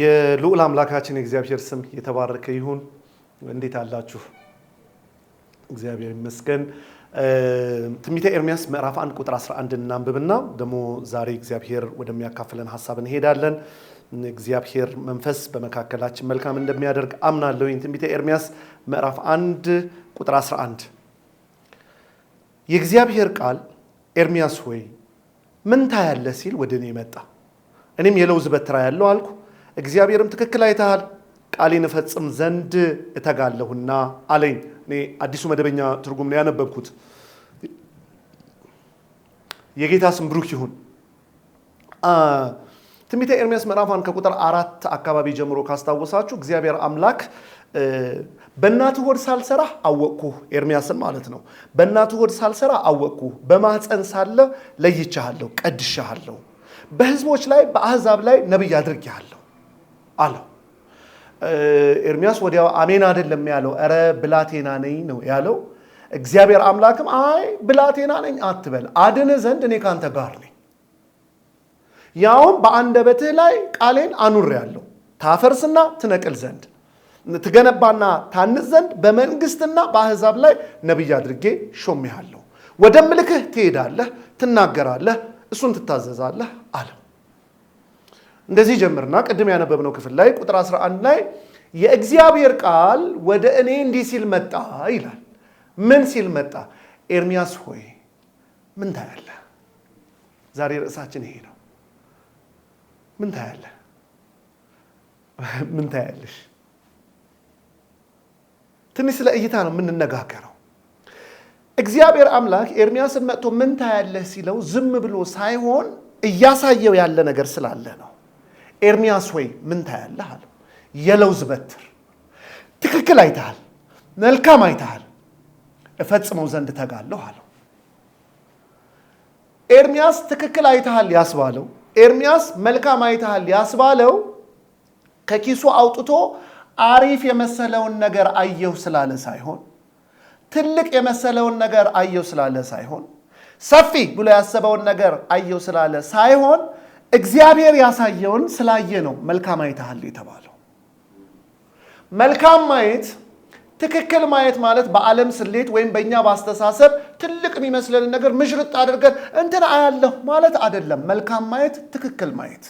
የልዑል አምላካችን የእግዚአብሔር ስም የተባረከ ይሁን። እንዴት አላችሁ? እግዚአብሔር ይመስገን። ትንቢተ ኤርሚያስ ምዕራፍ 1 ቁጥር 11 እናንብብና ደግሞ ዛሬ እግዚአብሔር ወደሚያካፍለን ሀሳብ እንሄዳለን። እግዚአብሔር መንፈስ በመካከላችን መልካም እንደሚያደርግ አምናለሁ። ትንቢተ ኤርሚያስ ምዕራፍ 1 ቁጥር 11 የእግዚአብሔር ቃል ኤርሚያስ ሆይ ምን ታያለህ ሲል ወደ እኔ መጣ። እኔም የለውዝ በትራ ያለው አልኩ እግዚአብሔርም ትክክል አይተሃል፣ ቃሌን እፈጽም ዘንድ እተጋለሁና አለኝ። እኔ አዲሱ መደበኛ ትርጉም ነው ያነበብኩት። የጌታ ስም ብሩክ ይሁን። ትንቢተ ኤርምያስ ምዕራፍ ከቁጥር አራት አካባቢ ጀምሮ ካስታወሳችሁ እግዚአብሔር አምላክ በእናትህ ሆድ ሳልሰራ አወቅኩ፣ ኤርሚያስን ማለት ነው። በእናትህ ሆድ ሳልሰራ አወቅኩ፣ በማፀን ሳለ ለይቻሃለሁ፣ ቀድሻሃለሁ፣ በህዝቦች ላይ በአህዛብ ላይ ነብይ አድርጌሃለሁ። አለው። ኤርሚያስ ወዲያው አሜን አይደለም ያለው፣ ኧረ ብላቴና ነኝ ነው ያለው። እግዚአብሔር አምላክም አይ ብላቴና ነኝ አትበል፣ አድን ዘንድ እኔ ካንተ ጋር ነኝ፣ ያውም በአንደበትህ ላይ ቃሌን አኑር ያለው ታፈርስና ትነቅል ዘንድ ትገነባና ታንጽ ዘንድ በመንግስትና በአህዛብ ላይ ነቢይ አድርጌ ሾሜሃለሁ። ወደ ምልክህ ትሄዳለህ፣ ትናገራለህ፣ እሱን ትታዘዛለህ አለው። እንደዚህ ጀምርና ቅድም ያነበብነው ክፍል ላይ ቁጥር 11 ላይ የእግዚአብሔር ቃል ወደ እኔ እንዲህ ሲል መጣ ይላል። ምን ሲል መጣ? ኤርሚያስ ሆይ ምን ታያለ? ዛሬ ርዕሳችን ይሄ ነው። ምን ታያለ? ምን ታያለሽ? ትንሽ ስለ እይታ ነው የምንነጋገረው። እግዚአብሔር አምላክ ኤርሚያስን መጥቶ ምን ታያለህ ሲለው ዝም ብሎ ሳይሆን እያሳየው ያለ ነገር ስላለ ነው። ኤርሚያስ ወይ ምን ታያለህ አለው። የለውዝ በትር ትክክል አይተሃል፣ መልካም አይተሃል፣ እፈጽመው ዘንድ ተጋለሁ አለው። ኤርሚያስ ትክክል አይተሃል ያስባለው፣ ኤርሚያስ መልካም አይተሃል ያስባለው ከኪሱ አውጥቶ አሪፍ የመሰለውን ነገር አየሁ ስላለ ሳይሆን ትልቅ የመሰለውን ነገር አየሁ ስላለ ሳይሆን ሰፊ ብሎ ያሰበውን ነገር አየሁ ስላለ ሳይሆን እግዚአብሔር ያሳየውን ስላየ ነው መልካም አይተሃል የተባለው። መልካም ማየት ትክክል ማየት ማለት በዓለም ስሌት ወይም በእኛ በአስተሳሰብ ትልቅ የሚመስለንን ነገር ምሽርጥ አድርገን እንትን አያለሁ ማለት አይደለም። መልካም ማየት ትክክል ማየት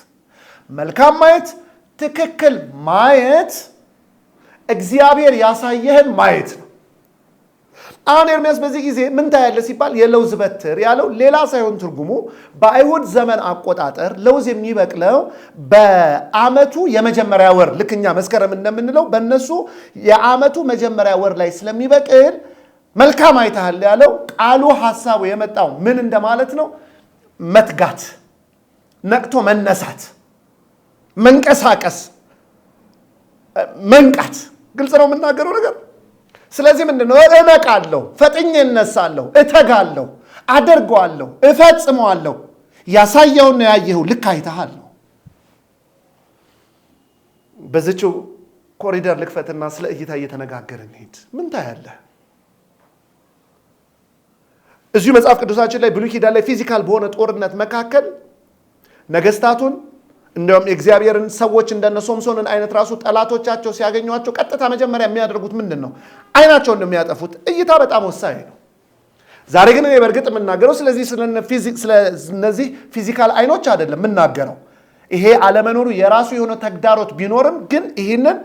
መልካም ማየት ትክክል ማየት እግዚአብሔር ያሳየህን ማየት ነው። አሁን ኤርሚያስ በዚህ ጊዜ ምን ታያለ ሲባል የለውዝ በትር ያለው ሌላ ሳይሆን ትርጉሙ በአይሁድ ዘመን አቆጣጠር ለውዝ የሚበቅለው በአመቱ የመጀመሪያ ወር ልክ እኛ መስከረም እንደምንለው በእነሱ የአመቱ መጀመሪያ ወር ላይ ስለሚበቅል መልካም አይተሃል ያለው ቃሉ ሀሳቡ የመጣው ምን እንደማለት ነው? መትጋት፣ ነቅቶ መነሳት፣ መንቀሳቀስ፣ መንቃት። ግልጽ ነው የምናገረው ነገር ስለዚህ ምንድነው ነው እመቃለሁ፣ ፈጥኜ እነሳለሁ፣ እተጋለሁ፣ አደርገዋለሁ፣ እፈጽመዋለሁ። ያሳየውን ነው ያየኸው፣ ልክ አይተሃል ነው። በዝጩ ኮሪደር ልክፈትና ስለ እይታ እየተነጋገርን ሄድ። ምን ታያለህ? እዚሁ መጽሐፍ ቅዱሳችን ላይ ብሉይ ኪዳን ላይ ፊዚካል በሆነ ጦርነት መካከል ነገስታቱን እንዲሁም የእግዚአብሔርን ሰዎች እንደነ ሶምሶንን አይነት ራሱ ጠላቶቻቸው ሲያገኟቸው ቀጥታ መጀመሪያ የሚያደርጉት ምንድን ነው? አይናቸውን ነው የሚያጠፉት። እይታ በጣም ወሳኝ ነው። ዛሬ ግን እኔ በእርግጥ የምናገረው ስለዚህ ስለነዚህ ፊዚካል አይኖች አይደለም የምናገረው። ይሄ አለመኖሩ የራሱ የሆነ ተግዳሮት ቢኖርም ግን ይህንን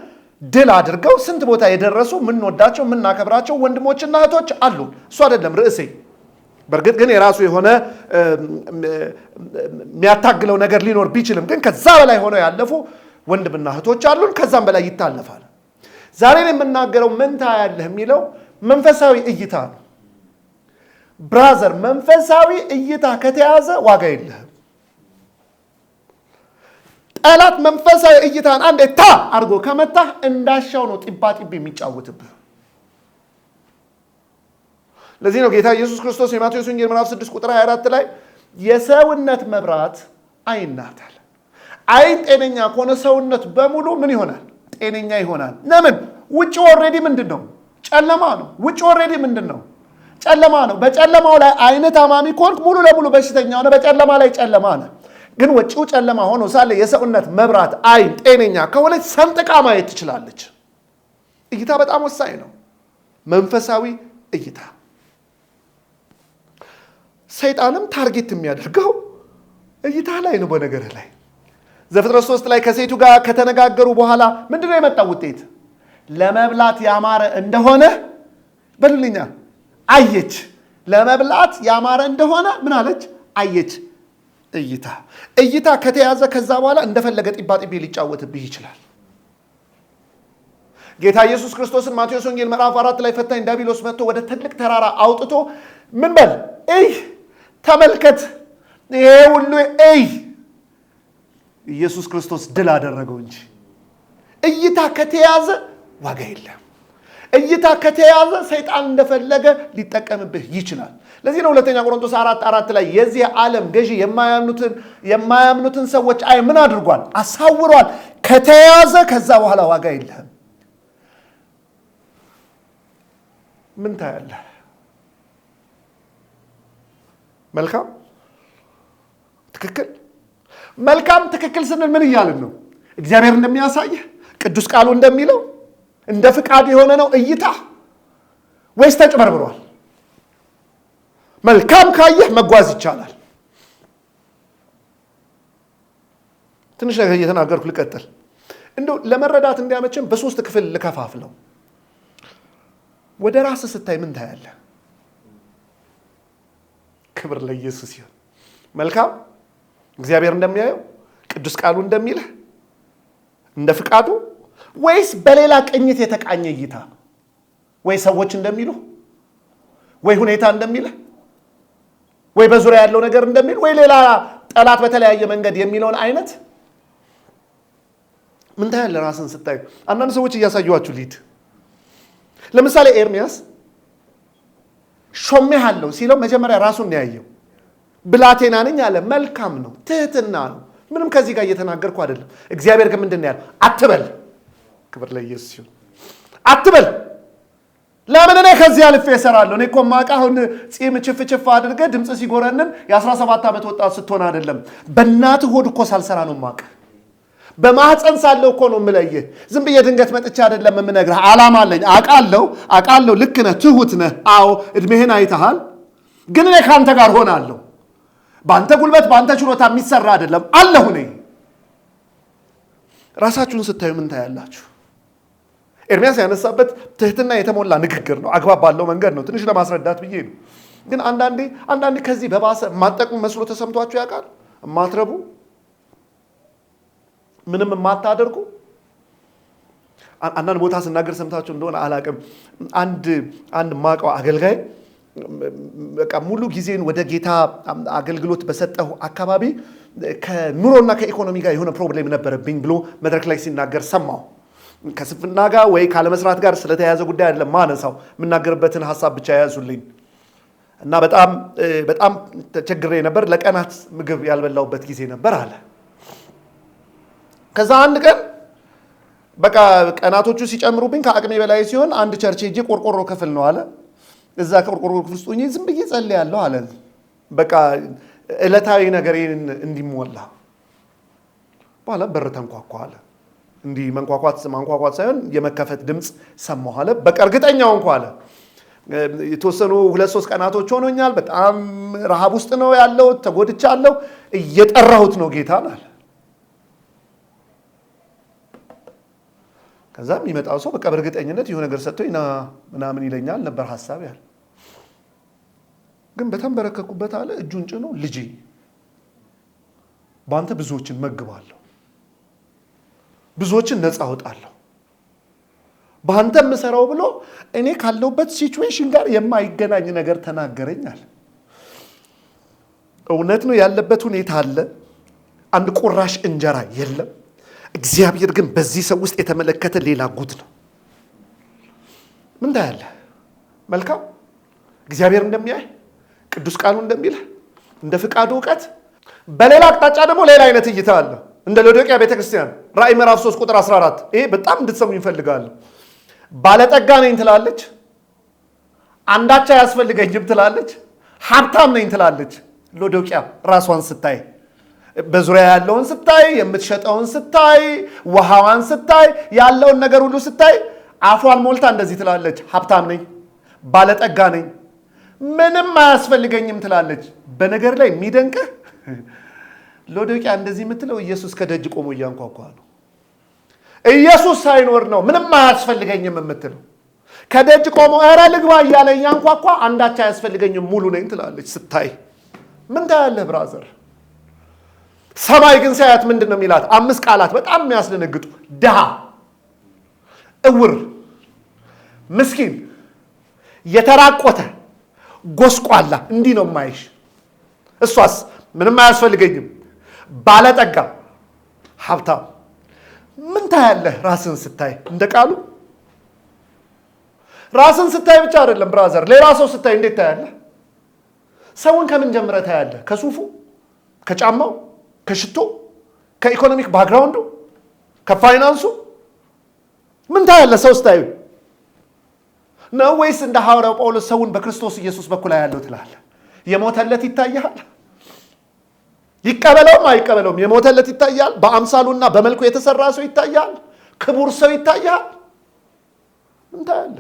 ድል አድርገው ስንት ቦታ የደረሱ የምንወዳቸው የምናከብራቸው ወንድሞችና እህቶች አሉ። እሱ አይደለም ርዕሴ በእርግጥ ግን የራሱ የሆነ የሚያታግለው ነገር ሊኖር ቢችልም ግን ከዛ በላይ ሆነው ያለፉ ወንድምና እህቶች አሉን። ከዛም በላይ ይታለፋል። ዛሬን የምናገረው ምን ያለህ የሚለው መንፈሳዊ እይታ ነው። ብራዘር፣ መንፈሳዊ እይታ ከተያዘ ዋጋ የለህም። ጠላት መንፈሳዊ እይታን አንዴ ታ አድርጎ ከመታህ እንዳሻው ነው ጢባ ጢብ የሚጫወትብህ። ለዚህ ነው ጌታ ኢየሱስ ክርስቶስ የማቴዎስ ወንጌል ምዕራፍ 6 ቁጥር 24 ላይ የሰውነት መብራት ዓይን ናት አለ። ዓይን ጤነኛ ከሆነ ሰውነት በሙሉ ምን ይሆናል? ጤነኛ ይሆናል። ለምን? ውጭ ኦልሬዲ ምንድን ነው? ጨለማ ነው። ውጭ ኦልሬዲ ምንድን ነው? ጨለማ ነው። በጨለማው ላይ ዓይን ታማሚ ከሆንክ ሙሉ ለሙሉ በሽተኛ ሆነ። በጨለማ ላይ ጨለማ ነ ግን ወጭው ጨለማ ሆኖ ሳለ የሰውነት መብራት ዓይን ጤነኛ ከሆነች ሰንጥቃ ማየት ትችላለች። እይታ በጣም ወሳኝ ነው። መንፈሳዊ እይታ ሰይጣንም ታርጌት የሚያደርገው እይታ ላይ ነው። በነገርህ ላይ ዘፍጥረት ሶስት ላይ ከሴቱ ጋር ከተነጋገሩ በኋላ ምንድነው የመጣው ውጤት? ለመብላት ያማረ እንደሆነ በልልኛ አየች። ለመብላት ያማረ እንደሆነ ምን አለች? አየች። እይታ እይታ ከተያዘ ከዛ በኋላ እንደፈለገ ጢባጢቤ ሊጫወትብህ ይችላል። ጌታ ኢየሱስ ክርስቶስን ማቴዎስ ወንጌል ምዕራፍ አራት ላይ ፈታኝ ዲያብሎስ መጥቶ ወደ ትልቅ ተራራ አውጥቶ ምን በል እይ ተመልከት፣ ይሄ ሁሉ እይ። ኢየሱስ ክርስቶስ ድል አደረገው እንጂ እይታ ከተያዘ ዋጋ የለም። እይታ ከተያዘ ሰይጣን እንደፈለገ ሊጠቀምብህ ይችላል። ለዚህ ነው ሁለተኛ ቆሮንቶስ አራት አራት ላይ የዚህ ዓለም ገዢ የማያምኑትን ሰዎች አይ ምን አድርጓል? አሳውሯል። ከተያዘ ከዛ በኋላ ዋጋ የለህም። ምን ታያለህ? መልካም ትክክል መልካም ትክክል ስንል ምን እያልን ነው? እግዚአብሔር እንደሚያሳይህ ቅዱስ ቃሉ እንደሚለው እንደ ፍቃድ የሆነ ነው እይታ ወይስ ተጭበርብሯል? መልካም ካየህ መጓዝ ይቻላል። ትንሽ ነገር እየተናገርኩ ልቀጥል። እንዲሁ ለመረዳት እንዲያመችን በሶስት ክፍል ልከፋፍለው። ወደ ራስህ ስታይ ምን ታያለህ? ክብር ለኢየሱስ ይሁን። መልካም እግዚአብሔር እንደሚያየው ቅዱስ ቃሉ እንደሚልህ እንደ ፍቃዱ ወይስ በሌላ ቅኝት የተቃኘ እይታ ወይ ሰዎች እንደሚሉ ወይ ሁኔታ እንደሚልህ ወይ በዙሪያ ያለው ነገር እንደሚል ወይ ሌላ ጠላት በተለያየ መንገድ የሚለውን አይነት ምን ታያለህ? ራስን ስታዩ አንዳንድ ሰዎች እያሳዩዋችሁ ሊድ ለምሳሌ ኤርሚያስ ሾሜሃለሁ ሲለው መጀመሪያ ራሱን ነው ያየው። ብላቴና ነኝ አለ። መልካም ነው፣ ትህትና ነው። ምንም ከዚህ ጋር እየተናገርኩ አይደለም። እግዚአብሔር ግን ምንድን ነው አትበል። ክብር ለኢየሱስ ሲሆን አትበል። ለምን እኔ ከዚህ አልፌ እሰራለሁ? እኔ እኮ ማውቅ አሁን ፂም ችፍ ችፍ አድርገህ ድምፅ ሲጎረንን የ17 ዓመት ወጣት ስትሆን አይደለም፣ በእናትህ ሆድ እኮ ሳልሰራ ነው ማቃ። በማህፀን ሳለው እኮ ነው የምለይህ። ዝም ብዬ ድንገት መጥቼ አይደለም የምነግርህ። አላማ አለኝ። አቃለው አቃለው። ልክ ነህ፣ ትሁት ነህ። አዎ እድሜህን አይተሃል። ግን እኔ ከአንተ ጋር ሆናለሁ። በአንተ ጉልበት፣ በአንተ ችሎታ የሚሰራ አይደለም አለሁ እኔ። ራሳችሁን ስታዩ ምን ታያላችሁ? ኤርሚያስ ያነሳበት ትህትና የተሞላ ንግግር ነው። አግባብ ባለው መንገድ ነው። ትንሽ ለማስረዳት ብዬ ነው። ግን አንዳንዴ አንዳንዴ ከዚህ በባሰ ማጠቅሙ መስሎ ተሰምቷችሁ ያውቃል? ማትረቡ ምንም የማታደርጉ አንዳንድ ቦታ ስናገር ሰምታችሁ እንደሆነ አላቅም። አንድ አንድ ማቀው አገልጋይ በቃ ሙሉ ጊዜን ወደ ጌታ አገልግሎት በሰጠው አካባቢ ከኑሮና ከኢኮኖሚ ጋር የሆነ ፕሮብሌም ነበረብኝ ብሎ መድረክ ላይ ሲናገር ሰማሁ። ከስንፍና ጋር ወይ ካለመስራት ጋር ስለተያያዘ ጉዳይ አይደለም ማነሳው፣ የምናገርበትን ሀሳብ ብቻ የያዙልኝ እና በጣም በጣም ተቸግሬ ነበር። ለቀናት ምግብ ያልበላውበት ጊዜ ነበር አለ። ከዛ አንድ ቀን በቃ ቀናቶቹ ሲጨምሩብኝ ከአቅሜ በላይ ሲሆን አንድ ቸርች ሄጄ ቆርቆሮ ክፍል ነው አለ። እዛ ቆርቆሮ ክፍል ውስጥ ሆኜ ዝም ብዬ ጸልያለሁ አለ። በቃ እለታዊ ነገር እንዲሞላ በኋላ በር ተንኳኳ አለ። እንዲህ መንኳኳት ማንኳኳት ሳይሆን የመከፈት ድምፅ ሰማሁ አለ። በቃ እርግጠኛው እንኳ አለ የተወሰኑ ሁለት ሶስት ቀናቶች ሆኖኛል። በጣም ረሃብ ውስጥ ነው ያለሁት፣ ተጎድቻለሁ። እየጠራሁት ነው ጌታን አለ ከዛ የሚመጣው ሰው በቃ በእርግጠኝነት ይሁ ነገር ሰጥቶ ና ምናምን ይለኛል ነበር ሀሳብ ያል ግን በተንበረከኩበት አለ እጁን ጭኖ ልጅ በአንተ ብዙዎችን መግባለሁ፣ ብዙዎችን ነፃ አወጣለሁ በአንተ የምሰራው ብሎ እኔ ካለሁበት ሲቹዌሽን ጋር የማይገናኝ ነገር ተናገረኛል። እውነት ነው ያለበት ሁኔታ አለ። አንድ ቁራሽ እንጀራ የለም። እግዚአብሔር ግን በዚህ ሰው ውስጥ የተመለከተ ሌላ ጉድ ነው። ምን ታያለህ? መልካም እግዚአብሔር እንደሚያይ ቅዱስ ቃሉ እንደሚል እንደ ፍቃዱ እውቀት፣ በሌላ አቅጣጫ ደግሞ ሌላ አይነት እይታ አለ። እንደ ሎዶቅያ ቤተክርስቲያን ራእይ ምዕራፍ 3 ቁጥር 14 ይሄ በጣም እንድትሰሙ ይፈልጋሉ። ባለጠጋ ነኝ ትላለች፣ አንዳች አያስፈልገኝም ትላለች፣ ሀብታም ነኝ ትላለች። ሎዶቅያ ራሷን ስታይ በዙሪያ ያለውን ስታይ፣ የምትሸጠውን ስታይ፣ ውሃዋን ስታይ፣ ያለውን ነገር ሁሉ ስታይ አፏን ሞልታ እንደዚህ ትላለች፣ ሀብታም ነኝ፣ ባለጠጋ ነኝ፣ ምንም አያስፈልገኝም ትላለች። በነገር ላይ የሚደንቅህ ሎዶቅያ እንደዚህ የምትለው ኢየሱስ ከደጅ ቆሞ እያንኳኳ ነው። ኢየሱስ ሳይኖር ነው ምንም አያስፈልገኝም የምትለው። ከደጅ ቆሞ ኧረ ልግባ እያለ እያንኳኳ አንዳች አያስፈልገኝም ሙሉ ነኝ ትላለች። ስታይ ምን ታያለህ ብራዘር? ሰማይ ግን ሲያያት ምንድን ነው የሚላት? አምስት ቃላት በጣም የሚያስደነግጡ ድሃ፣ እውር፣ ምስኪን፣ የተራቆተ፣ ጎስቋላ እንዲህ ነው የማይሽ። እሷስ ምንም አያስፈልገኝም፣ ባለጠጋ፣ ሀብታም። ምን ታያለህ ራስን ስታይ? እንደ ቃሉ ራስን ስታይ ብቻ አይደለም ብራዘር፣ ሌላ ሰው ስታይ እንዴት ታያለህ? ሰውን ከምን ጀምረህ ታያለህ? ከሱፉ ከጫማው ከሽቶ፣ ከኢኮኖሚክ ባክግራውንዱ፣ ከፋይናንሱ ምን ታያለ? ሰው ስታዩ ነው ወይስ እንደ ሐዋርያው ጳውሎስ ሰውን በክርስቶስ ኢየሱስ በኩል ያለው ትላለ? የሞተለት ይታያል። ይቀበለውም አይቀበለውም የሞተለት ይታያል። በአምሳሉና በመልኩ የተሰራ ሰው ይታያል። ክቡር ሰው ይታያል። ምን ታያለ?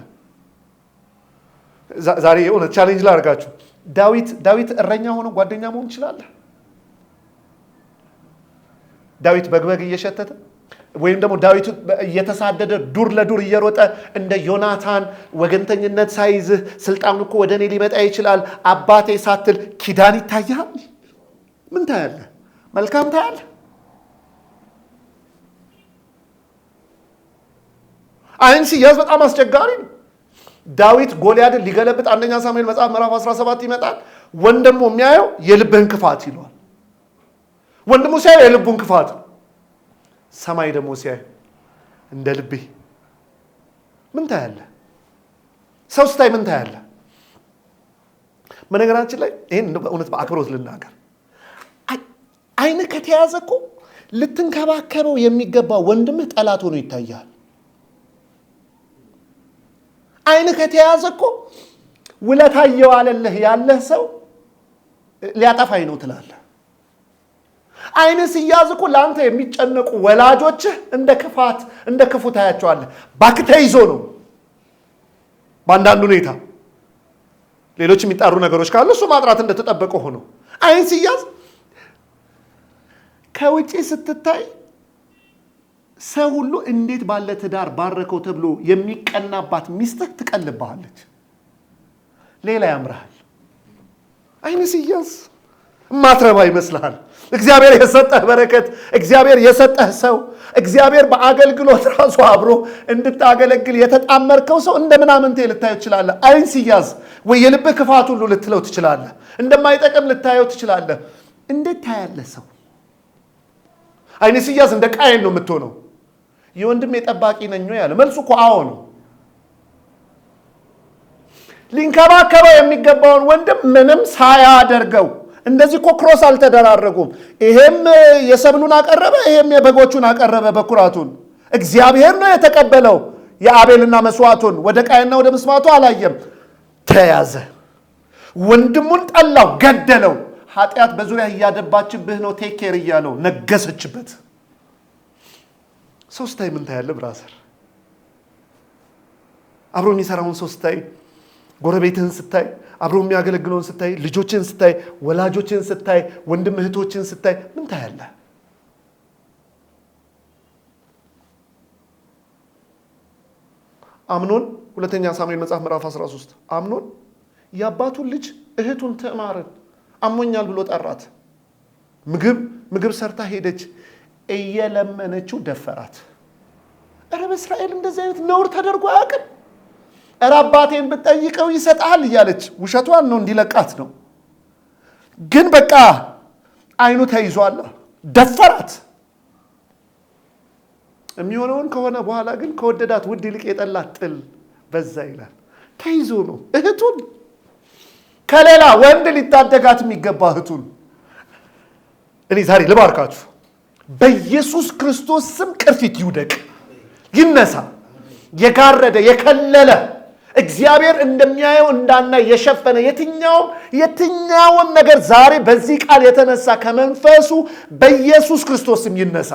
ዛሬ የሆነ ቻሌንጅ ላደርጋችሁ። ዳዊት ዳዊት እረኛ ሆኖ ጓደኛ መሆን ይችላል። ዳዊት በግበግ እየሸተተ ወይም ደግሞ ዳዊት እየተሳደደ ዱር ለዱር እየሮጠ እንደ ዮናታን ወገንተኝነት ሳይዝህ ስልጣኑ እኮ ወደ እኔ ሊመጣ ይችላል አባቴ ሳትል ኪዳን ይታያል። ምን ታያለ? መልካም ታያለ? አይን ሲያዝ በጣም አስቸጋሪ ነው። ዳዊት ጎልያድን ሊገለብጥ አንደኛ ሳሙኤል መጽሐፍ ምዕራፍ 17 ይመጣል። ወንድሞ የሚያየው የልብህን ክፋት ይለዋል። ወንድሙ ሲያይ የልቡን ክፋት፣ ሰማይ ደግሞ ሲያይ እንደ ልቤ ምን ታያለ? ሰው ስታይ ምን ታያለ? በነገራችን ላይ ይህን እውነት በአክብሮት ልናገር፣ አይን ከተያዘ እኮ ልትንከባከበው የሚገባ ወንድምህ ጠላት ሆኖ ይታያል። አይን ከተያዘ እኮ ውለታ እየዋለልህ ያለህ ሰው ሊያጠፋኝ ነው ትላለህ። አይን ሲያዝ እኮ ለአንተ የሚጨነቁ ወላጆች እንደ ክፋት እንደ ክፉ ታያቸዋለህ። ባክተ ይዞ ነው በአንዳንድ ሁኔታ። ሌሎች የሚጣሩ ነገሮች ካሉ እሱ ማጥራት እንደተጠበቀ ሆኖ አይን ሲያዝ ከውጪ ስትታይ ሰው ሁሉ እንዴት ባለ ትዳር ባረከው ተብሎ የሚቀናባት ሚስትህ ትቀልብሃለች። ሌላ ያምርሃል አይን ሲያዝ ማትረባ ይመስልሃል። እግዚአብሔር የሰጠህ በረከት፣ እግዚአብሔር የሰጠህ ሰው፣ እግዚአብሔር በአገልግሎት ራሱ አብሮ እንድታገለግል የተጣመርከው ሰው እንደ ምናምንቴ ልታየው ትችላለህ። አይን ሲያዝ ወይ የልብህ ክፋት ሁሉ ልትለው ትችላለህ። እንደማይጠቅም ልታየው ትችላለህ። እንዴት ታያለህ? ሰው አይን ሲያዝ እንደ ቃየን ነው የምትሆነው። የወንድሜ ጠባቂ ነኞ ያለ መልሱ እኮ አዎ ነው። ሊንከባከበው የሚገባውን ወንድም ምንም ሳያደርገው እንደዚህ እኮ ክሮስ አልተደራረጉም። ይሄም የሰብሉን አቀረበ፣ ይሄም የበጎቹን አቀረበ በኩራቱን። እግዚአብሔር ነው የተቀበለው የአቤልና መስዋዕቱን። ወደ ቃየና ወደ መስዋዕቱ አላየም። ተያዘ፣ ወንድሙን ጠላው፣ ገደለው። ኃጢአት በዙሪያ እያደባችብህ ነው፣ ቴኬር እያለው ነገሰችበት። ሶስታይ ምን ታያለ? ብራሰር አብሮ የሚሰራውን ሶስታይ ጎረቤትህን ስታይ፣ አብሮ የሚያገለግለውን ስታይ፣ ልጆችን ስታይ፣ ወላጆችን ስታይ፣ ወንድም እህቶችን ስታይ ምን ታያለህ? አምኖን ሁለተኛ ሳሙኤል መጽሐፍ ምዕራፍ 13 አምኖን የአባቱን ልጅ እህቱን ትዕማርን አሞኛል ብሎ ጠራት። ምግብ ምግብ ሰርታ ሄደች፣ እየለመነችው ደፈራት። እረ በእስራኤል እንደዚህ አይነት ነውር ተደርጎ አያውቅም። እረ አባቴን ብጠይቀው ይሰጣል እያለች ውሸቷን ነው እንዲለቃት ነው። ግን በቃ አይኑ ተይዟል፣ ደፈራት። የሚሆነውን ከሆነ በኋላ ግን ከወደዳት ውድ ይልቅ የጠላት ጥል በዛ ይላል። ተይዞ ነው እህቱን ከሌላ ወንድ ሊታደጋት የሚገባ እህቱን። እኔ ዛሬ ልባርካችሁ በኢየሱስ ክርስቶስ ስም ቅርፊት ይውደቅ፣ ይነሳ የጋረደ የከለለ እግዚአብሔር እንደሚያየው እንዳና የሸፈነ የትኛውም የትኛውን ነገር ዛሬ በዚህ ቃል የተነሳ ከመንፈሱ በኢየሱስ ክርስቶስም ይነሳ።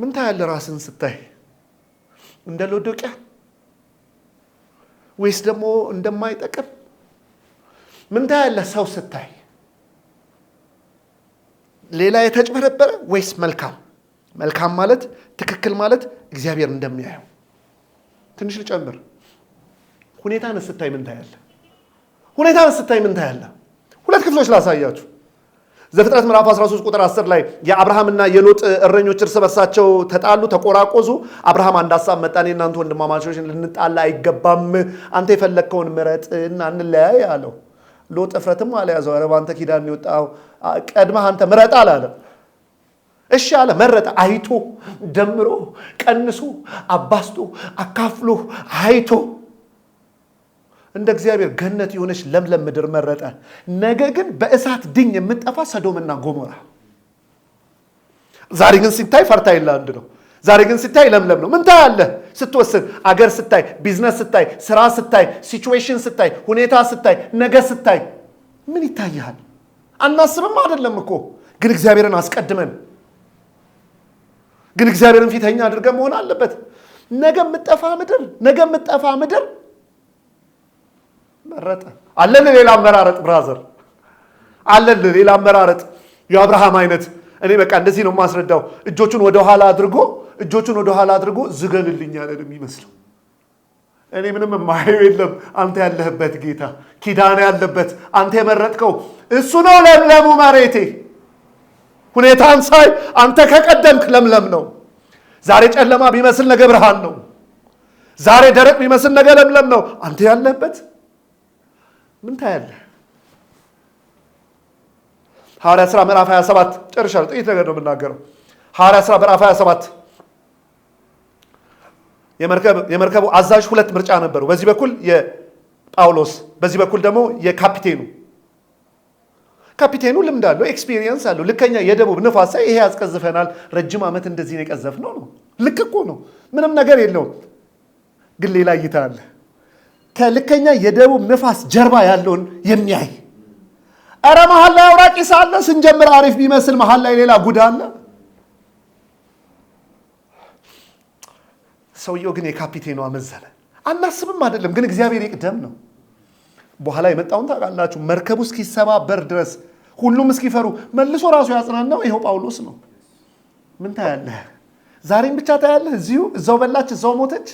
ምን ታያለ? ራስን ስታይ እንደ ሎዶቅያ ወይስ ደግሞ እንደማይጠቅም? ምን ታያለ? ሰው ስታይ ሌላ የተጭበረበረ ወይስ መልካም? መልካም ማለት ትክክል ማለት እግዚአብሔር እንደሚያየው ትንሽ ልጨምር። ሁኔታን ስታይ ምን ታያለ? ሁኔታን ስታይ ምን ታያለ? ሁለት ክፍሎች ላሳያችሁ። ዘፍጥረት ምዕራፍ 13 ቁጥር 10 ላይ የአብርሃምና የሎጥ እረኞች እርስ በርሳቸው ተጣሉ፣ ተቆራቆዙ። አብርሃም አንድ ሀሳብ መጣ፣ እኔ እናንተ ወንድማማቾች ልንጣላ አይገባም፣ አንተ የፈለግከውን ምረጥ እና እንለያይ አለው። ሎጥ እፍረትም አልያዘው፣ ኧረ በአንተ ኪዳን የወጣው ቀድመህ አንተ ምረጥ አለ እሺ አለ። መረጠ። አይቶ ደምሮ ቀንሶ አባስቶ አካፍሎ አይቶ እንደ እግዚአብሔር ገነት የሆነች ለምለም ምድር መረጠ። ነገ ግን በእሳት ድኝ የምጠፋ ሰዶምና ጎሞራ። ዛሬ ግን ሲታይ ፈርታይል ነው። ዛሬ ግን ሲታይ ለምለም ነው። ምን ታያለህ ስትወስን? አገር ስታይ፣ ቢዝነስ ስታይ፣ ስራ ስታይ፣ ሲቹዌሽን ስታይ፣ ሁኔታ ስታይ፣ ነገ ስታይ ምን ይታይሃል? አናስብም አይደለም እኮ ግን እግዚአብሔርን አስቀድመን ግን እግዚአብሔርን ፊተኛ አድርገ መሆን አለበት። ነገ የምጠፋ ምድር ነገ የምጠፋ ምድር መረጠ አለን። ሌላ አመራረጥ ብራዘር አለን፣ ሌላ አመራረጥ የአብርሃም አይነት እኔ በቃ እንደዚህ ነው የማስረዳው። እጆቹን ወደኋላ አድርጎ እጆቹን ወደኋላ አድርጎ ዝገልልኝ አለን የሚመስለው እኔ ምንም የማየው የለም። አንተ ያለህበት ጌታ ኪዳን ያለበት አንተ የመረጥከው እሱ ነው ለምለሙ መሬቴ ሁኔታን ሳይ አንተ ከቀደምክ ለምለም ነው። ዛሬ ጨለማ ቢመስል ነገ ብርሃን ነው። ዛሬ ደረቅ ቢመስል ነገ ለምለም ነው። አንተ ያለህበት ምን ታያለህ? ሐዋርያ ሥራ ምዕራፍ 27 ጨርሻለሁ። ጥቂት ነገር ነው የምናገረው። ሐዋርያ ሥራ ምዕራፍ 27 የመርከቡ አዛዥ ሁለት ምርጫ ነበሩ። በዚህ በኩል የጳውሎስ፣ በዚህ በኩል ደግሞ የካፒቴኑ ካፒቴኑ ልምድ አለው፣ ኤክስፒሪየንስ አለው። ልከኛ የደቡብ ንፋሳ ይሄ ያስቀዝፈናል፣ ረጅም ዓመት እንደዚህ የቀዘፍ ነው ነው። ልክ እኮ ነው፣ ምንም ነገር የለውም። ግን ሌላ እይታ አለ። ከልከኛ የደቡብ ንፋስ ጀርባ ያለውን የሚያይ እረ መሀል ላይ አውራቂ ሳለ ስንጀምር አሪፍ ቢመስል መሀል ላይ ሌላ ጉዳ አለ። ሰውየው ግን የካፒቴኑ አመዘነ። አናስብም አይደለም ግን እግዚአብሔር ይቅደም ነው። በኋላ የመጣውን ታውቃላችሁ። መርከቡ እስኪሰባበር ድረስ ሁሉም እስኪፈሩ መልሶ ራሱ ያጽናናው ይኸው ጳውሎስ ነው። ምን ታያለህ? ዛሬም ብቻ ታያለህ። እዚሁ እዛው በላች፣ እዛው ሞተች።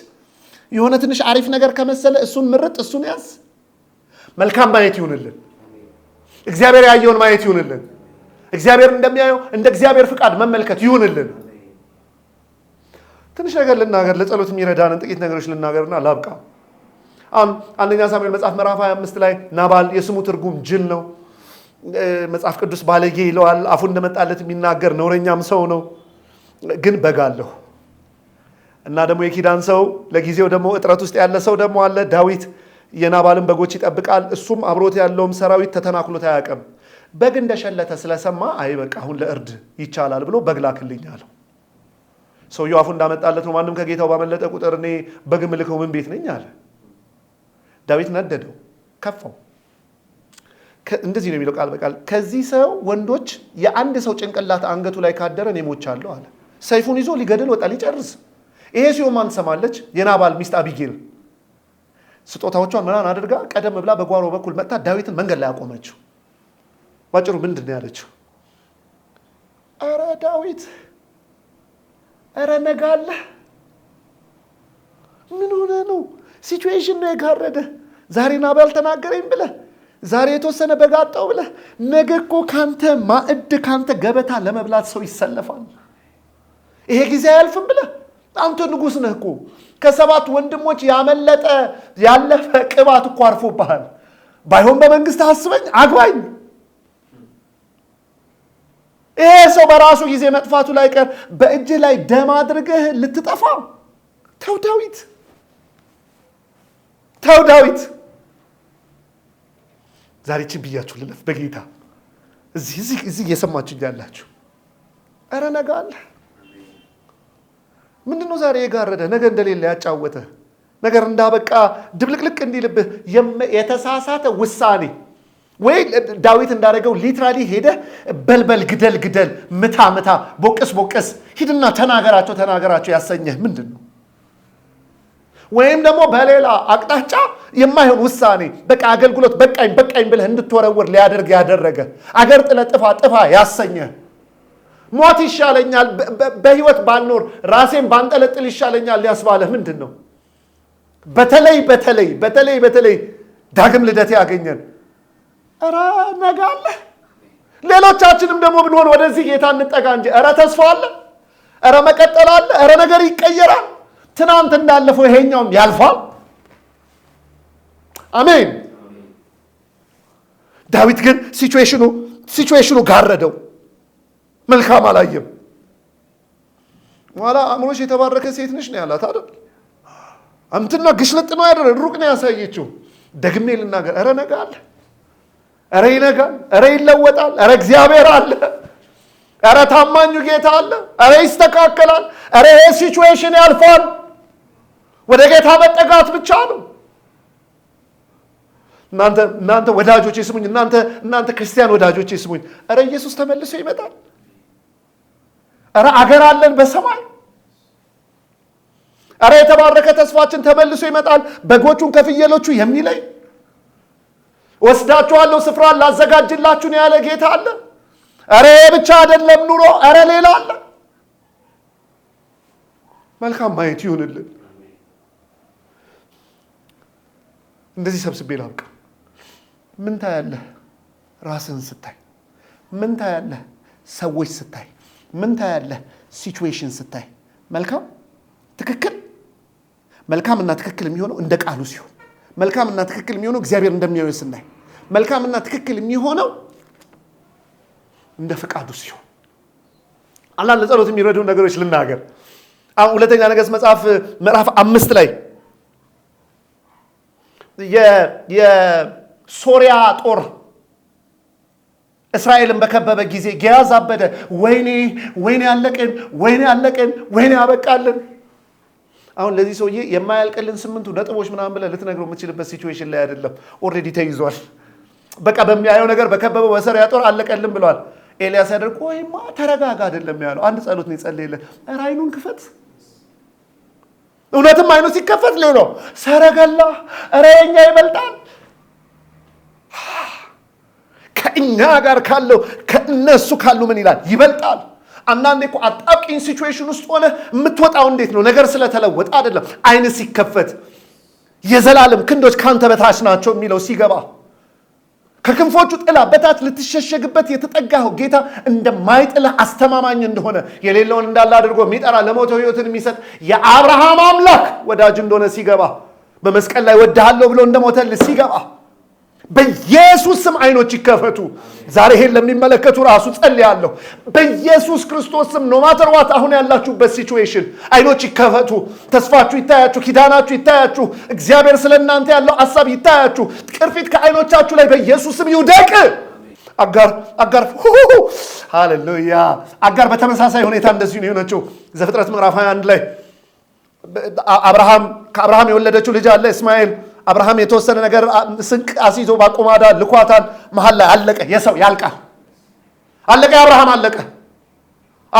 የሆነ ትንሽ አሪፍ ነገር ከመሰለ እሱን ምርጥ፣ እሱን ያዝ። መልካም ማየት ይሁንልን። እግዚአብሔር ያየውን ማየት ይሁንልን። እግዚአብሔር እንደሚያየው እንደ እግዚአብሔር ፍቃድ መመልከት ይሁንልን። ትንሽ ነገር ልናገር፣ ለጸሎት የሚረዳንን ጥቂት ነገሮች ልናገርና ላብቃ። አንደኛ ሳሙኤል መጽሐፍ ምዕራፍ 25 ላይ ናባል የስሙ ትርጉም ጅል ነው። መጽሐፍ ቅዱስ ባለጌ ይለዋል። አፉ እንደመጣለት የሚናገር ነውረኛም ሰው ነው። ግን በግ አለሁ እና ደግሞ የኪዳን ሰው ለጊዜው ደግሞ እጥረት ውስጥ ያለ ሰው ደግሞ አለ። ዳዊት የናባልን በጎች ይጠብቃል። እሱም አብሮት ያለውም ሰራዊት ተተናክሎት አያውቅም። በግ እንደሸለተ ስለሰማ አይ በቃ አሁን ለእርድ ይቻላል ብሎ በግ ላክልኝ አለው። ሰውየው አፉ እንዳመጣለት ነው። ማንም ከጌታው ባመለጠ ቁጥር እኔ በግ ምልከው ምን ቤት ነኝ አለ። ዳዊት ነደደው፣ ከፋው። እንደዚህ ነው የሚለው ቃል በቃል ከዚህ ሰው ወንዶች የአንድ ሰው ጭንቅላት አንገቱ ላይ ካደረ እኔ ሞቻለሁ አለ። ሰይፉን ይዞ ሊገድል ወጣ፣ ሊጨርስ። ይሄ ሲሆን ማን ትሰማለች? የናባል ሚስት አቢጌል ስጦታዎቿን ምናን አድርጋ ቀደም ብላ በጓሮ በኩል መጥታ ዳዊትን መንገድ ላይ አቆመችው። ባጭሩ ምንድን ነው ያለችው? አረ ዳዊት፣ አረ ነጋለህ፣ ምን ሆነ ነው ሲቹዌሽን ነው የጋረደ ዛሬ ናባ ያልተናገረኝ ብለህ ዛሬ የተወሰነ በጋጣው ብለህ ነገ እኮ ካንተ ማዕድ ካንተ ገበታ ለመብላት ሰው ይሰለፋል። ይሄ ጊዜ አያልፍም ብለህ አንተ ንጉሥ ነህ እኮ ከሰባት ወንድሞች ያመለጠ ያለፈ ቅባት እኮ አርፎብሃል። ባይሆን በመንግስት አስበኝ አግባኝ። ይሄ ሰው በራሱ ጊዜ መጥፋቱ ላይ ቀር በእጅ ላይ ደም አድርገህ ልትጠፋ ተው ዳዊት፣ ተው ዳዊት ዛሬ ችን ብያችሁ ልለፍ በጌታ እዚህ እየሰማችሁ ያላችሁ፣ እረ ነገ አለ። ምንድነው ዛሬ የጋረደ ነገ እንደሌለ ያጫወተ ነገር እንዳበቃ ድብልቅልቅ እንዲልብህ የተሳሳተ ውሳኔ ወይ ዳዊት እንዳደረገው ሊትራሊ ሄደ በልበል፣ ግደል ግደል፣ ምታ ምታ፣ ቦቅስ ቦቅስ፣ ሂድና ተናገራቸው ተናገራቸው ያሰኘህ ምንድን ነው? ወይም ደግሞ በሌላ አቅጣጫ የማይሆን ውሳኔ በቃ አገልግሎት በቃኝ በቃኝ ብለህ እንድትወረውር ሊያደርግ ያደረገ አገር ጥለ ጥፋ ጥፋ ያሰኘ ሞት ይሻለኛል በህይወት ባልኖር ራሴን ባንጠለጥል ይሻለኛል ሊያስባለህ ምንድን ነው? በተለይ በተለይ በተለይ በተለይ ዳግም ልደት ያገኘን ኧረ ነገ አለ። ሌሎቻችንም ደግሞ ብንሆን ወደዚህ ጌታ እንጠጋ እንጂ ኧረ ተስፋ አለ፣ ኧረ መቀጠል አለ፣ ኧረ ነገር ይቀየራል። ትናንት እንዳለፈው ይሄኛውም ያልፏል። አሜን። ዳዊት ግን ሲቹዌሽኑ ሲቹዌሽኑ ጋረደው። መልካም አላየም። ኋላ አእምሮሽ የተባረከ ሴት ነሽ ነው ያላት አይደል? እምትና ግሽለጥ ነው ያደረ ሩቅ ነው ያሳየችው። ደግሜ ልናገር፣ እረ ነገ አለ፣ ኧረ ይነጋል፣ ረ ይለወጣል፣ ረ እግዚአብሔር አለ፣ ረ ታማኙ ጌታ አለ፣ እረ ይስተካከላል፣ እረ ይሄ ሲቹዌሽን ያልፏል። ወደ ጌታ መጠጋት ብቻ ነው። እናንተ ወዳጆች ስሙኝ፣ እናንተ እናንተ ክርስቲያን ወዳጆች ስሙኝ። እረ ኢየሱስ ተመልሶ ይመጣል። እረ አገር አለን በሰማይ። እረ የተባረከ ተስፋችን ተመልሶ ይመጣል። በጎቹን ከፍየሎቹ የሚለይ ወስዳችኋለሁ፣ ስፍራ ላዘጋጅላችሁን ያለ ጌታ አለ። እረ ብቻ አይደለም ኑሮ፣ እረ ሌላ አለ። መልካም ማየት ይሁንልን። እንደዚህ ሰብስቤ ላብቃ። ምን ታያለህ? ራስህን ስታይ ምን ታያለህ? ሰዎች ስታይ ምን ታያለህ? ሲቹዌሽን ስታይ። መልካም ትክክል መልካም እና ትክክል የሚሆነው እንደ ቃሉ ሲሆን እና ትክክል የሚሆነው እግዚአብሔር እንደሚያየው ስናይ መልካምና ትክክል የሚሆነው እንደ ፈቃዱ ሲሆን አላ ለጸሎት የሚረዱ ነገሮች ልናገር። ሁለተኛ ነገሥት መጽሐፍ ምዕራፍ አምስት ላይ የሶሪያ ጦር እስራኤልን በከበበ ጊዜ ጌያዝ አበደ። ወይኔ ወይኔ አለቅን፣ ወይኔ አለቅን፣ ወይኔ አበቃልን። አሁን ለዚህ ሰውዬ የማያልቅልን ስምንቱ ነጥቦች ምናምን ብለህ ልትነግረው የምችልበት ሲቹዌሽን ላይ አይደለም። ኦልሬዲ ተይዟል። በቃ በሚያየው ነገር በከበበ በሶሪያ ጦር አለቀልን ብሏል። ኤልያስ ያደርግ ወይማ ተረጋጋ አይደለም ያለው። አንድ ጸሎት ነው የጸለየለት፣ ራይኑን ክፈት እውነትም አይኑ ሲከፈት ሌላው ሰረገላ እረ የኛ ይበልጣል ከእኛ ጋር ካለው ከእነሱ ካሉ ምን ይላል ይበልጣል። አንዳንዴ እኮ አጣብቂኝ ሲቹዌሽን ውስጥ ሆነ የምትወጣው እንዴት ነው? ነገር ስለተለወጠ አይደለም። አይን ሲከፈት የዘላለም ክንዶች ካንተ በታች ናቸው የሚለው ሲገባ ከክንፎቹ ጥላ በታች ልትሸሸግበት የተጠጋኸው ጌታ እንደማይጥልህ አስተማማኝ እንደሆነ የሌለውን እንዳለ አድርጎ የሚጠራ ለሞተው ሕይወትን የሚሰጥ የአብርሃም አምላክ ወዳጅ እንደሆነ ሲገባ በመስቀል ላይ ወድሃለሁ ብሎ እንደሞተልህ ሲገባ በኢየሱስ ስም አይኖች ይከፈቱ። ዛሬ ይሄን ለሚመለከቱ ራሱ ጸልያለሁ። በኢየሱስ ክርስቶስ ስም ኖማተር ዋት አሁን ያላችሁበት ሲቹዌሽን አይኖች ይከፈቱ። ተስፋችሁ ይታያችሁ፣ ኪዳናችሁ ይታያችሁ፣ እግዚአብሔር ስለ እናንተ ያለው ሀሳብ ይታያችሁ። ቅርፊት ከአይኖቻችሁ ላይ በኢየሱስ ስም ይውደቅ። አጋር አጋር ሃሌሉያ። አጋር በተመሳሳይ ሁኔታ እንደዚሁ የሆነችው። ዘፍጥረት ምዕራፍ 21 ላይ አብርሃም ከአብርሃም የወለደችው ልጅ አለ እስማኤል አብርሃም የተወሰነ ነገር ስንቅ አስይዞ ባቁማዳ ልኳታን መሀል ላይ አለቀ። የሰው ያልቃል። አለቀ። የአብርሃም አለቀ።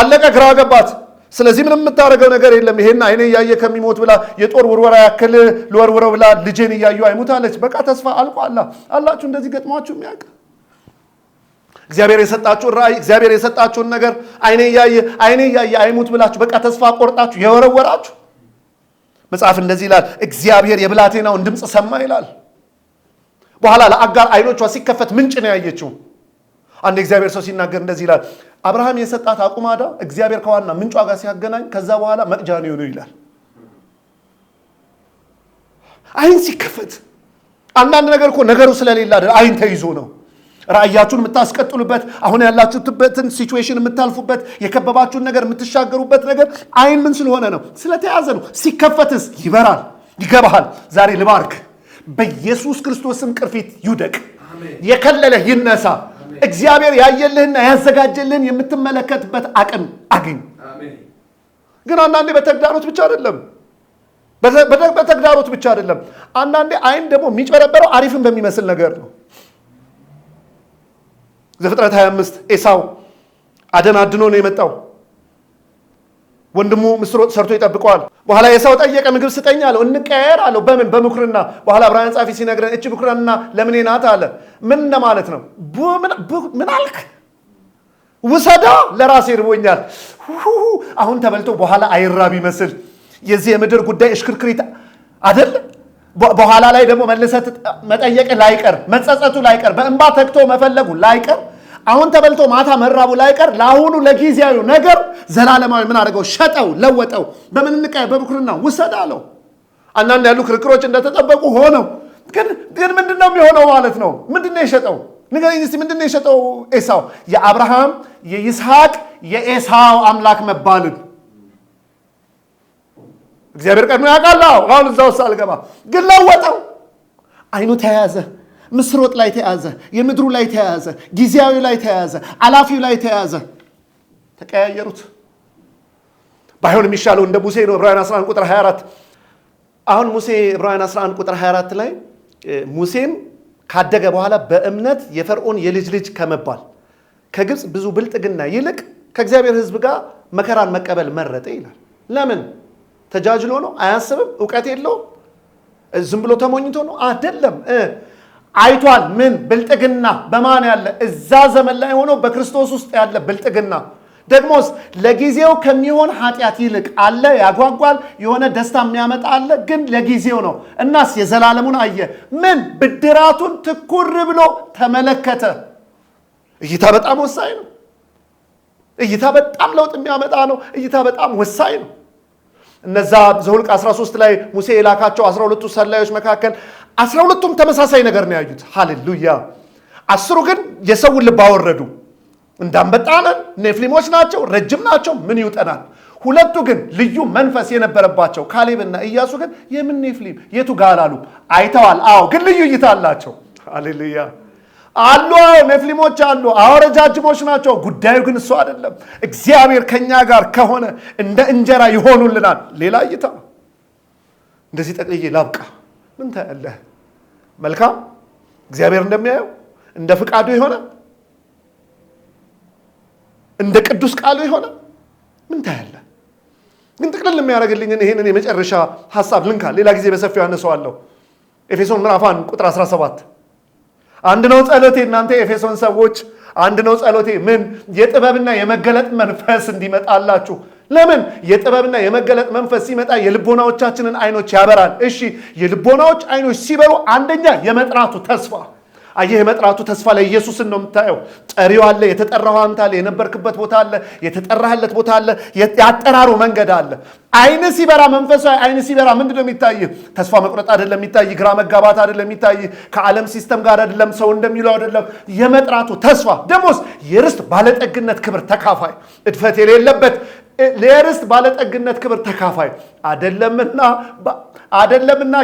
አለቀ። ግራ ገባት። ስለዚህ ምንም የምታደርገው ነገር የለም። ይሄን አይኔ እያየ ከሚሞት ብላ የጦር ውርወራ ያክል ልወርውረው ብላ ልጄን እያዩ አይሙታለች። በቃ ተስፋ አልቆ አላ አላችሁ እንደዚህ ገጥሟችሁ የሚያውቅ እግዚአብሔር የሰጣችሁን ራእይ እግዚአብሔር የሰጣችሁን ነገር አይኔ እያየ አይኔ እያየ አይሙት ብላችሁ በቃ ተስፋ ቆርጣችሁ የወረወራችሁ መጽሐፍ እንደዚህ ይላል፣ እግዚአብሔር የብላቴናውን ድምፅ ሰማ ይላል። በኋላ ለአጋር አይኖቿ ሲከፈት ምንጭ ነው ያየችው። አንድ እግዚአብሔር ሰው ሲናገር እንደዚህ ይላል፣ አብርሃም የሰጣት አቁማዳ እግዚአብሔር ከዋና ምንጯ ጋር ሲያገናኝ ከዛ በኋላ መቅጃ ነው ይላል። አይን ሲከፈት አንዳንድ ነገር እኮ ነገሩ ስለሌለ አይደል፣ አይን ተይዞ ነው ራያችሁን የምታስቀጥሉበት አሁን ያላችሁበትን ሲቹዌሽን የምታልፉበት የከበባችሁን ነገር የምትሻገሩበት ነገር አይን ምን ስለሆነ ነው? ስለተያዘ ነው። ሲከፈትስ ይበራል፣ ይገባሃል። ዛሬ ልባርክ። በኢየሱስ ክርስቶስም ቅርፊት ይውደቅ፣ የከለለህ ይነሳ። እግዚአብሔር ያየልህና ያዘጋጀልህን የምትመለከትበት አቅም አግኝ። ግን አንዳንዴ በተግዳሮት ብቻ አይደለም በተግዳሮት ብቻ አይደለም። አንዳንዴ አይን ደግሞ የሚጨረበረው አሪፍን በሚመስል ነገር ነው። ዘፍጥረት 25 ኤሳው አደን አድኖ ነው የመጣው። ወንድሙ ምስር ወጥ ሰርቶ ይጠብቀዋል። በኋላ ኤሳው ጠየቀ፣ ምግብ ስጠኝ አለው። እንቀያየር አለው። በምን በምኩርና። በኋላ ዕብራውያን ጻፊ ሲነግረን እች ምኩርና ለምኔ ናት አለ። ምን እንደማለት ነው? ምን አልክ? ውሰዳ፣ ለራሴ እርቦኛል። አሁን ተበልቶ በኋላ አይራብ ይመስል የዚህ የምድር ጉዳይ እሽክርክሪት አደል። በኋላ ላይ ደግሞ መልሰት መጠየቅ ላይቀር፣ መጸጸቱ ላይቀር፣ በእንባ ተግቶ መፈለጉ ላይቀር አሁን ተበልቶ ማታ መራቡ ላይቀር ለአሁኑ ለጊዜያዊ ነገር ዘላለማዊ ምን አድርገው ሸጠው፣ ለወጠው። በምንንቃ በብኩርና ውሰድ አለው። አንዳንድ ያሉ ክርክሮች እንደተጠበቁ ሆነው ግን ግን ምንድን ነው የሚሆነው ማለት ነው? ምንድን ነው የሸጠው? ንገረኝ እስኪ ምንድን ነው የሸጠው ኤሳው? የአብርሃም የይስሐቅ የኤሳው አምላክ መባልን እግዚአብሔር ቀድሞ ያውቃል። አሁን እዛ ውስጥ አልገባ፣ ግን ለወጠው። አይኑ ተያያዘ። ምስሮጥ ላይ ተያዘ፣ የምድሩ ላይ ተያዘ፣ ጊዜያዊ ላይ ተያዘ፣ አላፊው ላይ ተያዘ። ተቀያየሩት። ባይሆን የሚሻለው እንደ ሙሴ ነው። ዕብራውያን 11 ቁጥር 24 አሁን ሙሴ ዕብራውያን 11 ቁጥር 24 ላይ ሙሴም ካደገ በኋላ በእምነት የፈርዖን የልጅ ልጅ ከመባል ከግብፅ ብዙ ብልጥግና ይልቅ ከእግዚአብሔር ሕዝብ ጋር መከራን መቀበል መረጠ ይላል። ለምን? ተጃጅሎ ነው? አያስብም? እውቀት የለውም? ዝም ብሎ ተሞኝቶ ነው? አይደለም። አይቷል። ምን ብልጥግና በማን ያለ እዛ ዘመን ላይ ሆኖ በክርስቶስ ውስጥ ያለ ብልጥግና ደግሞስ ለጊዜው ከሚሆን ኃጢአት ይልቅ አለ ያጓጓል። የሆነ ደስታ የሚያመጣ አለ፣ ግን ለጊዜው ነው። እናስ የዘላለሙን አየ። ምን ብድራቱን ትኩር ብሎ ተመለከተ። እይታ በጣም ወሳኝ ነው። እይታ በጣም ለውጥ የሚያመጣ ነው። እይታ በጣም ወሳኝ ነው። እነዛ ዘኍልቍ 13 ላይ ሙሴ የላካቸው 12ቱ ሰላዮች መካከል አስራ ሁለቱም ተመሳሳይ ነገር ነው ያዩት። ሃሌሉያ! አስሩ ግን የሰውን ልብ አወረዱ። እንዳንበጣነን ኔፍሊሞች ናቸው፣ ረጅም ናቸው፣ ምን ይውጠናል? ሁለቱ ግን ልዩ መንፈስ የነበረባቸው ካሌብና እያሱ ግን የምን ኔፍሊም የቱ ጋር አሉ። አይተዋል፣ አዎ፣ ግን ልዩ እይታ አላቸው። ሃሌሉያ አሉ አዎ፣ ኔፍሊሞች አሉ አዎ፣ ረጃጅሞች ናቸው። ጉዳዩ ግን እሱ አይደለም። እግዚአብሔር ከእኛ ጋር ከሆነ እንደ እንጀራ ይሆኑልናል። ሌላ እይታ። እንደዚህ ጠቅልዬ ላብቃ። ምን ታያለህ? መልካም እግዚአብሔር እንደሚያየው እንደ ፍቃዱ የሆነ እንደ ቅዱስ ቃሉ የሆነ ምን ታያለ? ግን ጥቅልል የሚያደርግልኝን ይህንን የመጨረሻ ሀሳብ ልንካል ሌላ ጊዜ በሰፊው ያነሰዋለሁ። ኤፌሶን ምዕራፍ 1 ቁጥር 17 አንድ ነው ጸሎቴ፣ እናንተ የኤፌሶን ሰዎች አንድ ነው ጸሎቴ፣ ምን የጥበብና የመገለጥ መንፈስ እንዲመጣላችሁ ለምን የጥበብና የመገለጥ መንፈስ ሲመጣ የልቦናዎቻችንን አይኖች ያበራል። እሺ የልቦናዎች አይኖች ሲበሩ አንደኛ የመጥራቱ ተስፋ አየህ፣ የመጥራቱ ተስፋ ላይ ኢየሱስን ነው የምታየው። ጠሪው አለ፣ የተጠራው አንተ አለ፣ የነበርክበት ቦታ አለ፣ የተጠራህለት ቦታ አለ፣ ያጠራሩ መንገድ አለ። አይን ሲበራ መንፈሳዊ አይን ሲበራ ምንድን ነው የሚታይ? ተስፋ መቁረጥ አይደለም የሚታይ፣ ግራ መጋባት አይደለም የሚታይ፣ ከዓለም ሲስተም ጋር አይደለም፣ ሰው እንደሚለው አይደለም። የመጥራቱ ተስፋ ደሞስ የርስት ባለጠግነት ክብር ተካፋይ እድፈት የሌለበት የርስት ባለጠግነት ክብር ተካፋይ አደለምና አደለምና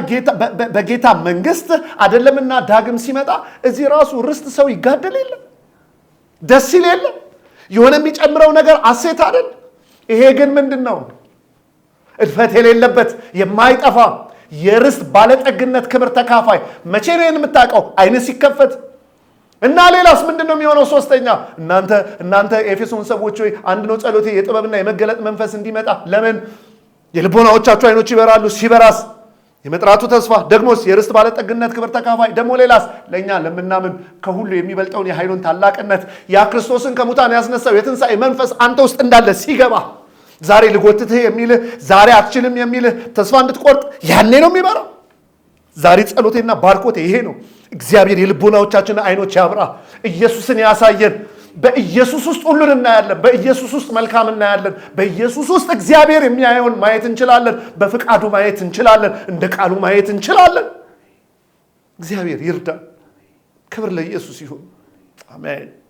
በጌታ መንግስት አደለምና ዳግም ሲመጣ እዚህ ራሱ ርስት ሰው ይጋደል የለም ደስ ይል የለም የሆነ የሚጨምረው ነገር አሴት አደል ይሄ ግን ምንድን ነው እድፈት የሌለበት የማይጠፋ የርስት ባለጠግነት ክብር ተካፋይ መቼ ነው የምታውቀው አይነት ሲከፈት እና ሌላስ ምንድን ነው የሚሆነው? ሶስተኛ እናንተ እናንተ ኤፌሶን ሰዎች ሆይ አንድ ነው ጸሎቴ የጥበብና የመገለጥ መንፈስ እንዲመጣ ለምን የልቦናዎቻችሁ አይኖች ይበራሉ። ሲበራስ የመጥራቱ ተስፋ ደግሞስ የርስት ባለጠግነት ክብር ተካፋይ ደግሞ ሌላስ ለእኛ ለምናምን ከሁሉ የሚበልጠውን የኃይሉን ታላቅነት ያ ክርስቶስን ከሙታን ያስነሳው የትንሣኤ መንፈስ አንተ ውስጥ እንዳለ ሲገባ ዛሬ ልጎትትህ የሚልህ ዛሬ አትችልም የሚልህ ተስፋ እንድትቆርጥ ያኔ ነው የሚበራው። ዛሬ ጸሎቴና ባርኮቴ ይሄ ነው። እግዚአብሔር የልቦናዎቻችን አይኖች ያብራ። ኢየሱስን ያሳየን። በኢየሱስ ውስጥ ሁሉን እናያለን። በኢየሱስ ውስጥ መልካም እናያለን። በኢየሱስ ውስጥ እግዚአብሔር የሚያየውን ማየት እንችላለን። በፍቃዱ ማየት እንችላለን። እንደ ቃሉ ማየት እንችላለን። እግዚአብሔር ይርዳ። ክብር ለኢየሱስ ይሁን። አሜን።